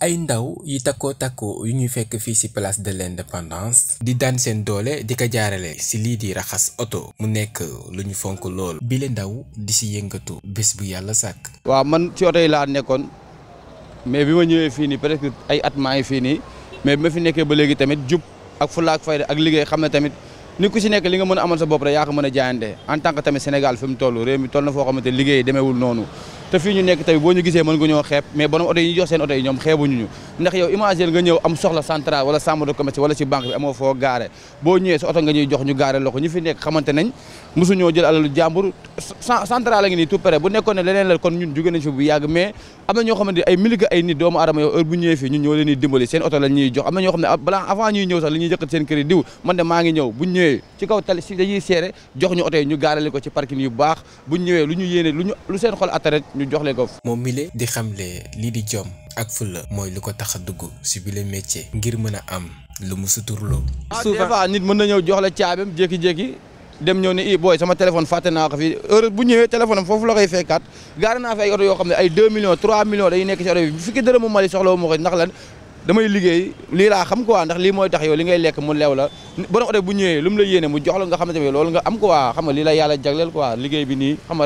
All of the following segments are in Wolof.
ay ndaw yi takkoo takkoo yu ñu fekk fii ci place de l'indépendance di daan seen doole di ko jaarale ci lii di raxas oto mu nekk lu ñu fonk lool bile ndaw di ci yëngatu bés bu yàlla sàkk waa man ci oto yi laa nekkoon mais bi ma ñëwee fii nii presque ay at maa ngi fii nii mais bi ma fi nekkee ba léegi tamit jub ak fulla ak fayda ak liggéey xam ne tamit ni ku si nekk li nga mën a amal sa bopp rek yaa mën a jaayante en tant que tamit Sénégal fi mu toll réew mi toll na foo xamante liggéey demeewul noonu te fi ñu nekk tey boo ñu gisee mën nga ñoo xeeb mais borom oto yi ñu jox seen oto yi ñoom xeebuñu wala chambre de commerce wala ci banque bi amoo foo gaare boo ñëwee sa oto nga ñuy jox ñu gaare loxo ñu fi nekk xamante nañ mosuñoo jël ne leneen la kon ñun jóge nañ fi bu yàgg mais am na ñoo xamante ay miliga ay nit doomu kër diw man de maa ngi ñëw buñ ñëwee ci kaw tali si dañuy seere jox ñu oto yi ñu gaarale ko ci parking yu baax buñ ñëwee lu ñu yéene lu ñu lu seen xol attaret ñu jox leen ko. moom mile di xamle lii di jom ak fulla mooy lu ko tax a dugg si bile métier ngir mën a am lu mu suturloo. Ah, souvent nit mën na ñëw jox caabeem jékki-jékki dem ñëw ne i eh, booy sama téléphone fàtte naa ko fi heure bu ñëwee téléphone am foofu la koy fekkaat gaare naa fi ay oto yoo xam ne ay 2 millions 3 millions day nekk si oto bi bu fekkee dërëm mu mali soxla wu ma ndax lan. damay liggéey lii laa xam quoi ndax lii mooy tax yow li ngay lekk mu lew la borom oto bu ñëwee mu la yéene nga xamante ne loolu nga am quoi xam nga la yàlla liggéey bi nii xam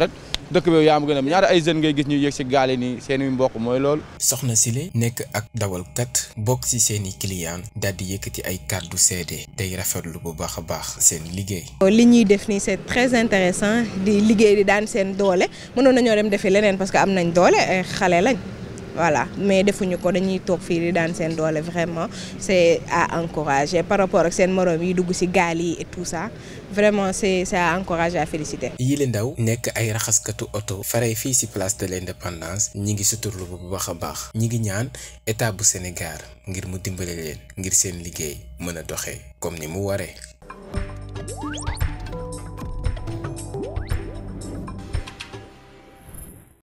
dëkk bi yaa ma gën a ñaata ay jeunes ngay gis ñu yëg si gaal nii seen mbokk mooy lool soxna si Sile nekk ak dawalkat bokk si seen i client daal di yëkkati ay kàddu seede tey rafetlu bu baax a baax seen liggéey. li ñuy def nii c'est très intéressant di liggéey di daan seen doole mënoon nañoo dem defi leneen parce que am nañ doole ay xale lañ. voilà mais defuñu ko dañuy toog fii di daan seen doole vraiment c'est à encourager par rapport ak seen moroom yi dugg ci gaal yi et tout ça vraiment c'est c'est à encourager à féliciter. yile ndaw nekk ay raxaskatu oto faray fii ci place de l'indépendance ñi ngi suturlu bu baax a baax ñi ngi ñaan état bu Sénégal ngir mu dimbale leen ngir seen liggéey mën a doxee comme ni mu waree.